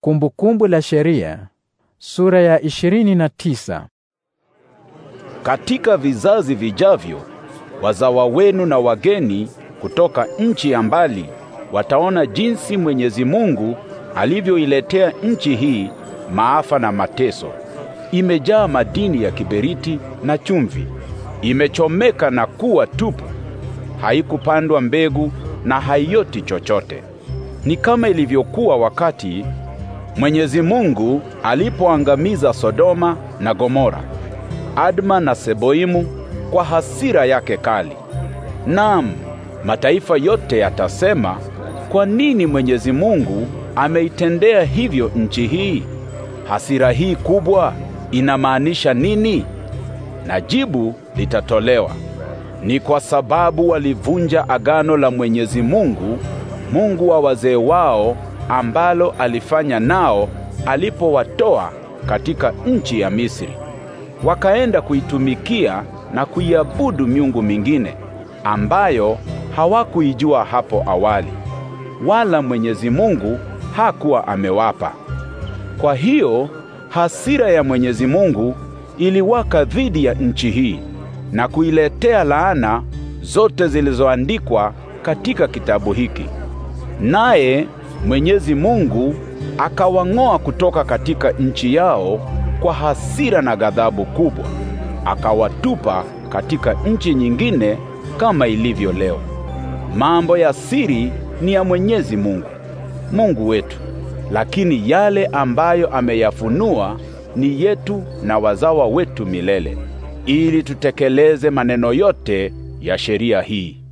Kumbukumbu la Sheria sura ya ishirini na tisa. Katika vizazi vijavyo wazawa wenu na wageni kutoka nchi ya mbali wataona jinsi Mwenyezi Mungu alivyoiletea nchi hii maafa na mateso. Imejaa madini ya kiberiti na chumvi, imechomeka na kuwa tupu, haikupandwa mbegu na haioti chochote. Ni kama ilivyokuwa wakati Mwenyezi Mungu alipoangamiza Sodoma na Gomora, Adma na Seboimu kwa hasira yake kali. Naam, mataifa yote yatasema, kwa nini Mwenyezi Mungu ameitendea hivyo nchi hii? Hasira hii kubwa inamaanisha nini? Na jibu litatolewa. Ni kwa sababu walivunja agano la Mwenyezi Mungu, Mungu wa wazee wao ambalo alifanya nao alipowatoa katika nchi ya Misri. Wakaenda kuitumikia na kuiabudu miungu mingine ambayo hawakuijua hapo awali, wala Mwenyezi Mungu hakuwa amewapa. Kwa hiyo hasira ya Mwenyezi Mungu iliwaka dhidi ya nchi hii na kuiletea laana zote zilizoandikwa katika kitabu hiki. Naye Mwenyezi Mungu akawang'oa kutoka katika nchi yao kwa hasira na ghadhabu kubwa, akawatupa katika nchi nyingine kama ilivyo leo. Mambo ya siri ni ya Mwenyezi Mungu, Mungu wetu, lakini yale ambayo ameyafunua ni yetu na wazawa wetu milele, ili tutekeleze maneno yote ya sheria hii.